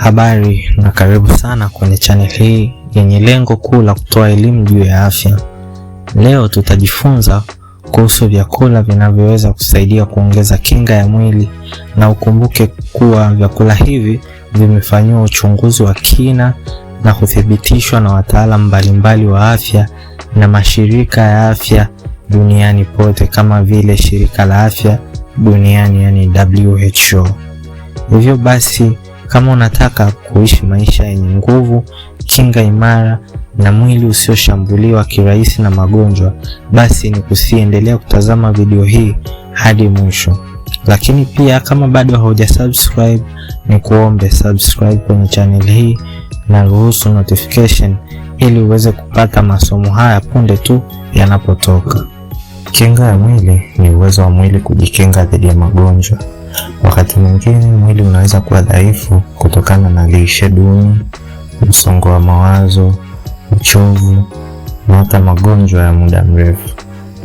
Habari na karibu sana kwenye channel hii yenye lengo kuu la kutoa elimu juu ya afya. Leo tutajifunza kuhusu vyakula vinavyoweza kusaidia kuongeza kinga ya mwili, na ukumbuke kuwa vyakula hivi vimefanyiwa uchunguzi wa kina na kuthibitishwa na wataalamu mbalimbali wa afya na mashirika ya afya duniani pote kama vile shirika la afya duniani, yani WHO. Hivyo basi kama unataka kuishi maisha yenye nguvu, kinga imara na mwili usioshambuliwa kirahisi na magonjwa, basi ni kusiendelea kutazama video hii hadi mwisho. Lakini pia kama bado hauja subscribe, ni kuombe subscribe kwenye channel hii na ruhusu notification ili uweze kupata masomo haya punde tu yanapotoka. Kinga ya mwili ni uwezo wa mwili kujikinga dhidi ya magonjwa. Wakati mwingine mwili unaweza kuwa dhaifu kutokana na lishe duni, msongo wa mawazo, uchovu na hata magonjwa ya muda mrefu,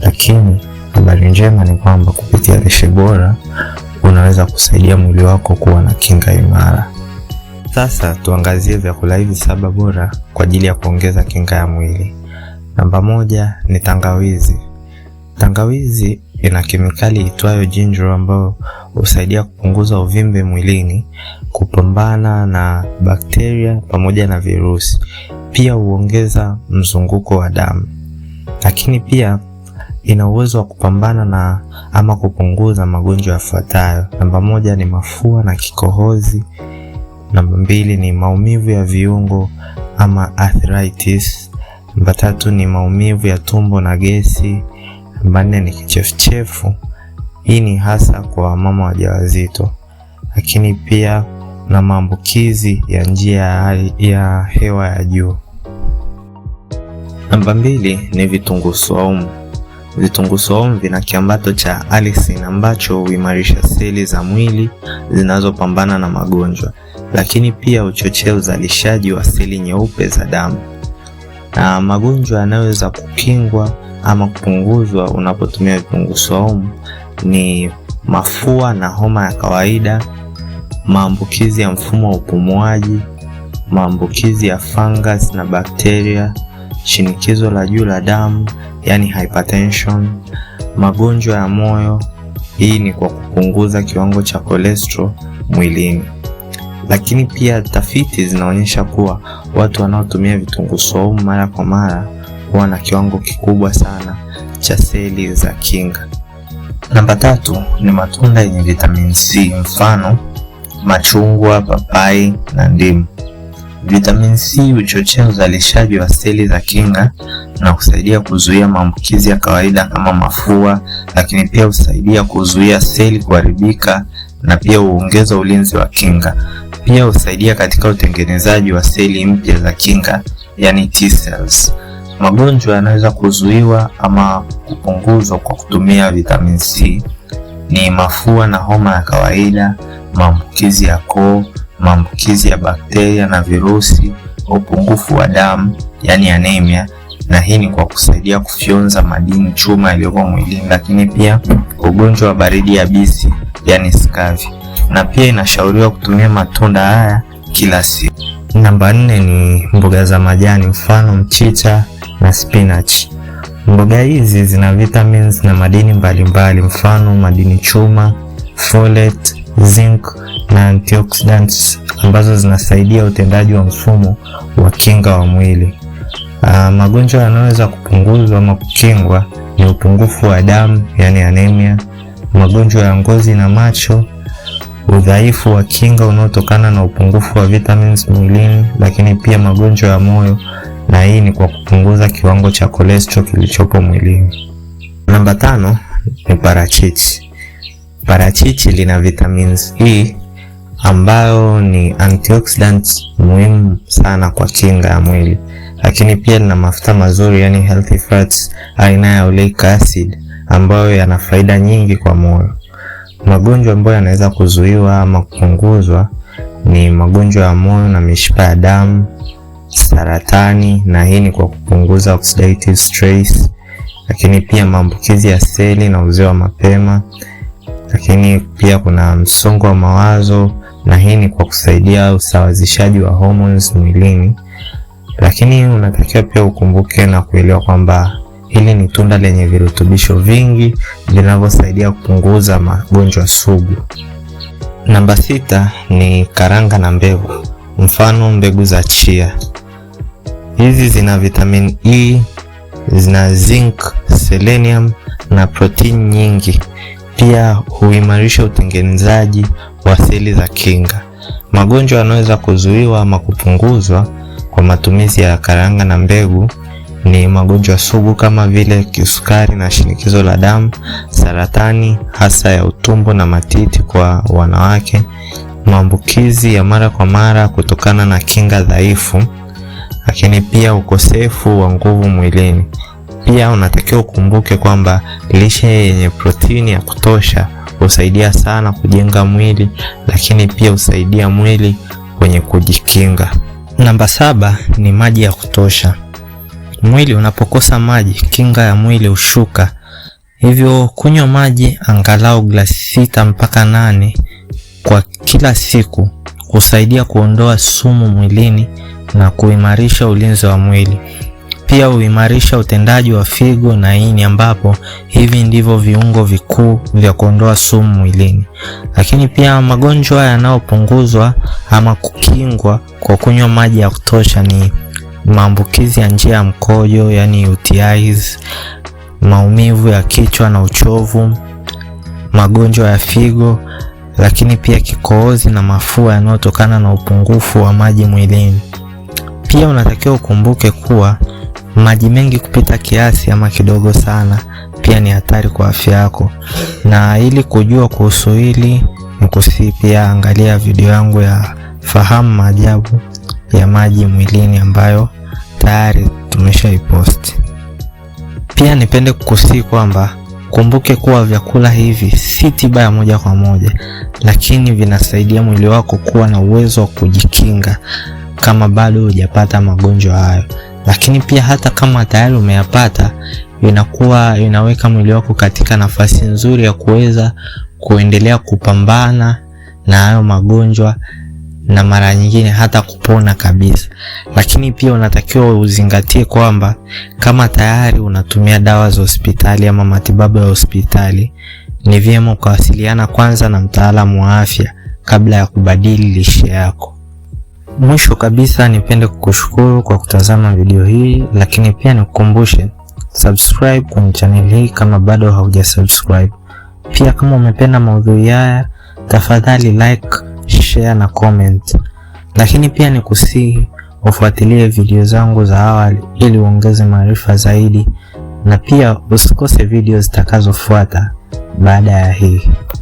lakini habari njema ni kwamba kupitia lishe bora unaweza kusaidia mwili wako kuwa na kinga imara. Sasa tuangazie vyakula hivi saba bora kwa ajili ya kuongeza kinga ya mwili. Namba moja ni tangawizi. Tangawizi ina kemikali itwayo ginger ambayo husaidia kupunguza uvimbe mwilini, kupambana na bakteria pamoja na virusi. Pia huongeza mzunguko wa damu, lakini pia ina uwezo wa kupambana na ama kupunguza magonjwa yafuatayo. Namba moja ni mafua na kikohozi. Namba mbili ni maumivu ya viungo ama arthritis. Namba tatu ni maumivu ya tumbo na gesi. Namba nne ni kichefuchefu. Hii ni hasa kwa mama wajawazito, lakini pia na maambukizi ya njia ya hewa ya juu. Namba mbili ni vitunguu swaumu. Vitunguu swaumu vina kiambato cha alisin ambacho huimarisha seli za mwili zinazopambana na magonjwa, lakini pia huchochea uzalishaji wa seli nyeupe za damu, na magonjwa yanayoweza kukingwa ama kupunguzwa unapotumia vitunguu saumu ni mafua na homa ya kawaida, maambukizi ya mfumo wa upumuaji, maambukizi ya fungus na bakteria, shinikizo la juu la damu yani hypertension, magonjwa ya moyo. Hii ni kwa kupunguza kiwango cha cholesterol mwilini. Lakini pia tafiti zinaonyesha kuwa watu wanaotumia vitunguu saumu mara kwa mara kuwa na kiwango kikubwa sana cha seli za kinga. Namba tatu ni matunda yenye vitamini C, mfano machungwa, papai na ndimu. Vitamini C huchochea uzalishaji wa seli za kinga na kusaidia kuzuia maambukizi ya kawaida kama mafua, lakini pia husaidia kuzuia seli kuharibika na pia huongeza ulinzi wa kinga. Pia husaidia katika utengenezaji wa seli mpya za kinga, yani T cells. Magonjwa yanaweza kuzuiwa ama kupunguzwa kwa kutumia vitamin C ni mafua na homa ya kawaida, maambukizi ya koo, maambukizi ya bakteria na virusi, upungufu wa damu yani anemia, na hii ni kwa kusaidia kufyonza madini chuma yaliyoko mwilini, lakini pia ugonjwa wa baridi ya bisi yani scurvy, na pia inashauriwa kutumia matunda haya kila siku. Namba nne ni mboga za majani, mfano mchicha na spinach. Mboga hizi zina vitamins na madini mbalimbali, mfano madini chuma, folate, zinc na antioxidants ambazo zinasaidia utendaji wa mfumo wa kinga wa mwili. Uh, magonjwa yanayoweza kupunguzwa ama kukingwa ni upungufu wa damu yani anemia, magonjwa ya ngozi na macho, udhaifu wa kinga unaotokana na upungufu wa vitamins mwilini, lakini pia magonjwa ya moyo na hii ni kwa kupunguza kiwango cha kolesterol kilichopo mwilini. Namba tano ni parachichi. Parachichi lina vitamins E ambayo ni antioxidants muhimu sana kwa kinga ya mwili, lakini pia lina mafuta mazuri, yani healthy fats aina ya oleic acid ambayo yana faida nyingi kwa moyo. Magonjwa ambayo yanaweza kuzuiwa ama kupunguzwa ni magonjwa ya moyo na mishipa ya damu, saratani, na hii ni kwa kupunguza oxidative stress, lakini pia maambukizi ya seli na uzee wa mapema, lakini pia kuna msongo wa mawazo, na hii ni kwa kusaidia usawazishaji wa hormones mwilini. Lakini unatakiwa pia ukumbuke na kuelewa kwamba hili ni tunda lenye virutubisho vingi vinavyosaidia kupunguza magonjwa sugu. Namba sita ni karanga na mbegu, mfano mbegu za chia. Hizi zina vitamin E, zina zinc, selenium na protini nyingi. Pia huimarisha utengenezaji wa seli za kinga. Magonjwa yanaweza kuzuiwa ama kupunguzwa kwa matumizi ya karanga na mbegu ni magonjwa sugu kama vile kisukari na shinikizo la damu, saratani hasa ya utumbo na matiti kwa wanawake, maambukizi ya mara kwa mara kutokana na kinga dhaifu lakini pia ukosefu wa nguvu mwilini. Pia unatakiwa ukumbuke kwamba lishe yenye protini ya kutosha husaidia sana kujenga mwili, lakini pia husaidia mwili kwenye kujikinga. Namba saba ni maji ya kutosha. Mwili unapokosa maji, kinga ya mwili hushuka, hivyo kunywa maji angalau glasi sita mpaka nane kwa kila siku husaidia kuondoa sumu mwilini na kuimarisha ulinzi wa mwili. Pia huimarisha utendaji wa figo na ini, ambapo hivi ndivyo viungo vikuu vya kuondoa sumu mwilini. Lakini pia magonjwa yanayopunguzwa ama kukingwa kwa kunywa maji ya kutosha ni maambukizi ya njia ya mkojo, yani UTIs, maumivu ya kichwa na uchovu, magonjwa ya figo, lakini pia kikohozi na mafua yanayotokana na upungufu wa maji mwilini. Pia unatakiwa ukumbuke kuwa maji mengi kupita kiasi ama kidogo sana pia ni hatari kwa afya yako, na ili kujua kuhusu hili nikusii, pia angalia video yangu ya fahamu maajabu ya maji mwilini ambayo tayari tumeshaiposti. Pia nipende kukusii kwamba kumbuke kuwa vyakula hivi si tiba ya moja kwa moja, lakini vinasaidia mwili wako kuwa na uwezo wa kujikinga kama bado hujapata magonjwa hayo. Lakini pia hata kama tayari umeyapata, inakuwa inaweka mwili wako katika nafasi nzuri ya kuweza kuendelea kupambana na hayo magonjwa na mara nyingine hata kupona kabisa. Lakini pia unatakiwa uzingatie kwamba kama tayari unatumia dawa za hospitali ama matibabu ya hospitali, ni vyema ukawasiliana kwanza na mtaalamu wa afya kabla ya kubadili lishe yako. Mwisho kabisa nipende kukushukuru kwa kutazama video hii, lakini pia nikukumbushe subscribe kwenye channel hii kama bado hauja subscribe. Pia kama umependa maudhui haya, tafadhali like, share na comment, lakini pia nikusihi ufuatilie video zangu za awali ili uongeze maarifa zaidi, na pia usikose video zitakazofuata baada ya hii.